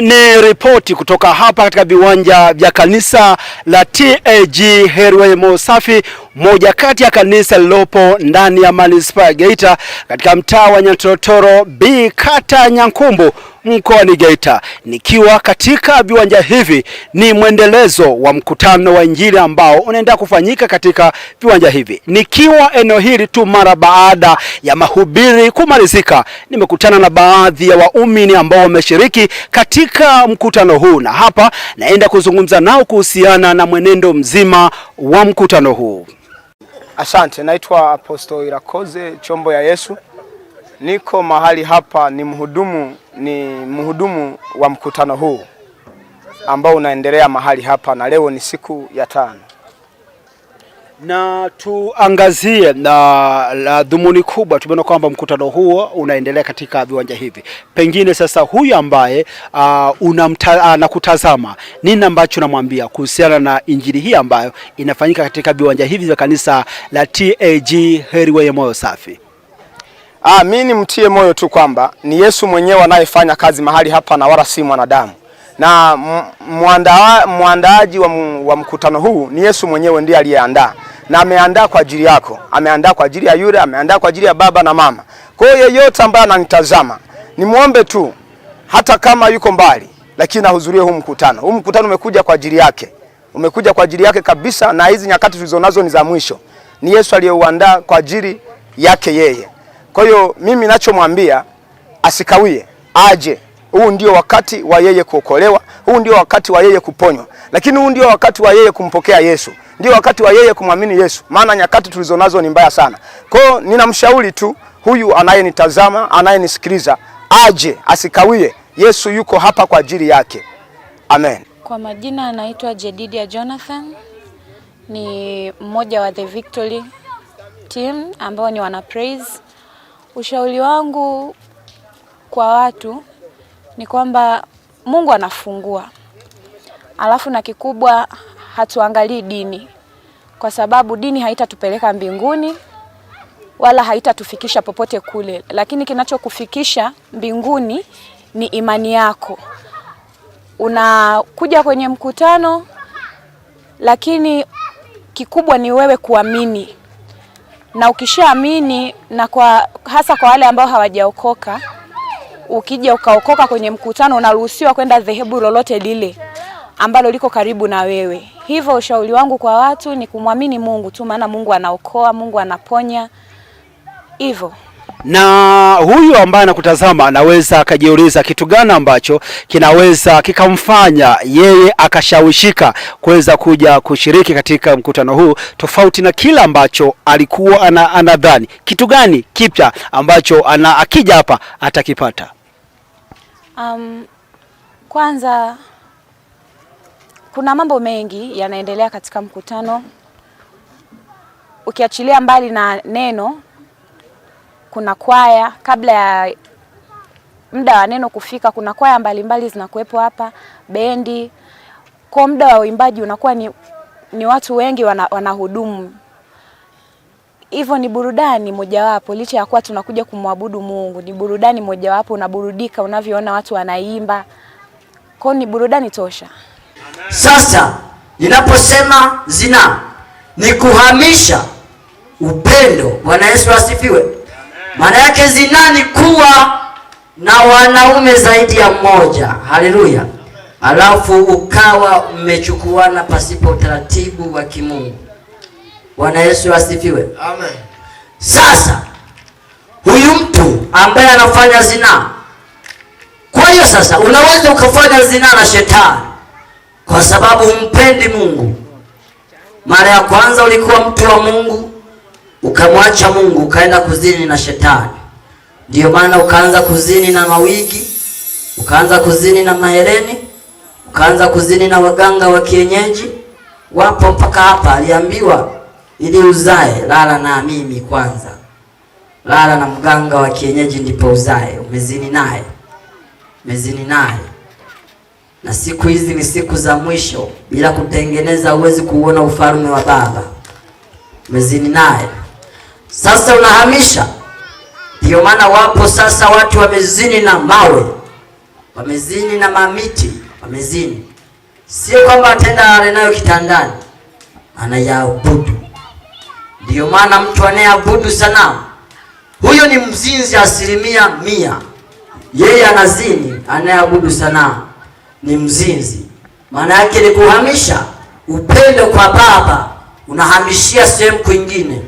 ni ripoti kutoka hapa katika viwanja vya kanisa la TAG Herwe mosafi moja kati ya kanisa lilopo ndani ya manispaa ya Geita katika mtaa wa Nyantorotoro B, kata ya Nyankumbu mkoani Geita. Nikiwa katika viwanja hivi, ni mwendelezo wa mkutano wa Injili ambao unaenda kufanyika katika viwanja hivi. Nikiwa eneo hili tu, mara baada ya mahubiri kumalizika, nimekutana na baadhi ya waumini ambao wameshiriki katika mkutano huu, na hapa naenda kuzungumza nao kuhusiana na mwenendo mzima wa mkutano huu. Asante, naitwa Apostle Irakoze Chombo ya Yesu. Niko mahali hapa ni mhudumu, ni mhudumu wa mkutano huu ambao unaendelea mahali hapa, na leo ni siku ya tano, na tuangazie na la dhumuni kubwa. Tumeona kwamba mkutano huo unaendelea katika viwanja hivi. Pengine sasa, huyu ambaye anakutazama, uh, nini ambacho namwambia kuhusiana na injili hii ambayo inafanyika katika viwanja hivi vya kanisa la TAG Heriweyo Moyo Safi? Ah, mimi nimtie moyo tu kwamba ni Yesu mwenyewe anayefanya kazi mahali hapa na wala si mwanadamu. Na mwandaaji wa, wa mkutano huu ni Yesu mwenyewe ndiye aliyeandaa na ameandaa kwa ajili yako, ameandaa kwa ajili ya yule, ameandaa kwa ajili ya baba na mama. Kwa hiyo yeyote ambaye ananitazama nimwombe tu, hata kama yuko mbali, lakini ahudhurie huu mkutano. Huu mkutano umekuja kwa ajili yake, umekuja kwa ajili yake kabisa, na hizi nyakati tulizonazo ni za mwisho. Ni Yesu aliyeuandaa kwa ajili yake yeye. Kwa hiyo mimi nachomwambia asikawie, aje. Huu ndio wakati wa yeye kuokolewa, huu ndio wakati wa yeye kuponywa, lakini huu ndio wakati wa yeye kumpokea Yesu, ndio wakati wa yeye kumwamini Yesu, maana nyakati tulizonazo ni mbaya sana. Kwa hiyo ninamshauri tu huyu anayenitazama, anayenisikiliza, aje, asikawie. Yesu yuko hapa kwa ajili yake. Amen. Kwa majina anaitwa Jedidia Jonathan, ni mmoja wa The Victory team ambao ni wana praise Ushauri wangu kwa watu ni kwamba Mungu anafungua, alafu na kikubwa, hatuangalii dini, kwa sababu dini haitatupeleka mbinguni wala haitatufikisha popote kule, lakini kinachokufikisha mbinguni ni imani yako. Unakuja kwenye mkutano, lakini kikubwa ni wewe kuamini na ukishaamini, na kwa hasa kwa wale ambao hawajaokoka, ukija ukaokoka kwenye mkutano, unaruhusiwa kwenda dhehebu lolote lile ambalo liko karibu na wewe. Hivyo ushauri wangu kwa watu ni kumwamini Mungu tu, maana Mungu anaokoa, Mungu anaponya hivyo na huyu ambaye anakutazama anaweza akajiuliza kitu gani ambacho kinaweza kikamfanya yeye akashawishika kuweza kuja kushiriki katika mkutano huu tofauti na kila ambacho alikuwa ana, anadhani. Kitu gani kipya ambacho ana, akija hapa atakipata? Um, kwanza kuna mambo mengi yanaendelea katika mkutano ukiachilia mbali na neno kuna kwaya kabla ya muda wa neno kufika, kuna kwaya mbalimbali zinakuwepo hapa, bendi. Kwa muda wa uimbaji unakuwa ni, ni watu wengi wanahudumu wana hivyo ni burudani mojawapo, licha ya kuwa tunakuja kumwabudu Mungu, ni burudani mojawapo. Unaburudika unavyoona watu wanaimba, kwa ni burudani tosha. Sasa ninaposema zina ni kuhamisha upendo. Bwana Yesu asifiwe. Maana yake zinani kuwa na wanaume zaidi ya mmoja. Haleluya! Alafu ukawa mmechukuana pasipo utaratibu wa kimungu. Bwana Yesu asifiwe. Amen. Sasa huyu mtu ambaye anafanya zinaa, kwa hiyo sasa unaweza ukafanya zinaa na shetani kwa sababu humpendi Mungu. Mara ya kwanza ulikuwa mtu wa Mungu ukamwacha Mungu ukaenda kuzini na shetani. Ndiyo maana ukaanza kuzini na mawigi, ukaanza kuzini na mahereni, ukaanza kuzini na waganga wa kienyeji. Wapo mpaka hapa, aliambiwa ili uzae, lala na mimi kwanza, lala na mganga wa kienyeji ndipo uzae. Umezini naye, umezini naye. Na siku hizi ni siku za mwisho, bila kutengeneza huwezi kuuona ufalme wa Baba. Umezini naye. Sasa unahamisha. Ndiyo maana wapo sasa watu wamezini na mawe, wamezini na mamiti, wamezini. Sio kwamba atenda alenayo kitandani, anayaabudu. Ndiyo maana mtu anayeabudu sanamu huyo ni mzinzi asilimia mia. Yeye anazini, anayeabudu sanamu ni mzinzi. Maana yake ni kuhamisha upendo kwa Baba, unahamishia sehemu kwingine.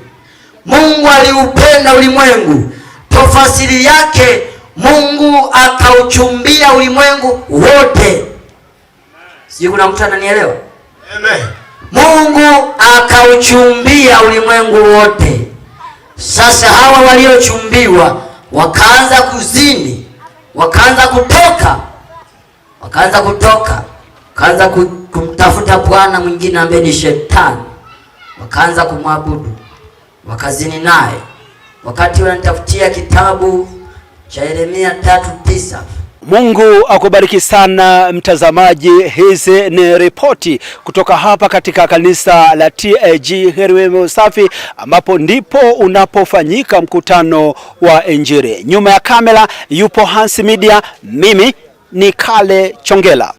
Mungu aliupenda ulimwengu, tafasiri yake Mungu akauchumbia ulimwengu wote. Sijui kuna mtu ananielewa? Amen. Mungu akauchumbia ulimwengu wote. Sasa hawa waliochumbiwa wakaanza kuzini, wakaanza kutoka, wakaanza kutoka, wakaanza kumtafuta bwana mwingine ambaye ni Shetani, wakaanza kumwabudu wakazini naye, wakati wanatafutia kitabu cha Yeremia tatu tisa. Mungu akubariki sana mtazamaji. Hizi ni ripoti kutoka hapa katika kanisa la TAG Herwe Usafi, ambapo ndipo unapofanyika mkutano wa Injili. Nyuma ya kamera yupo Hans Media, mimi ni Kale Chongela.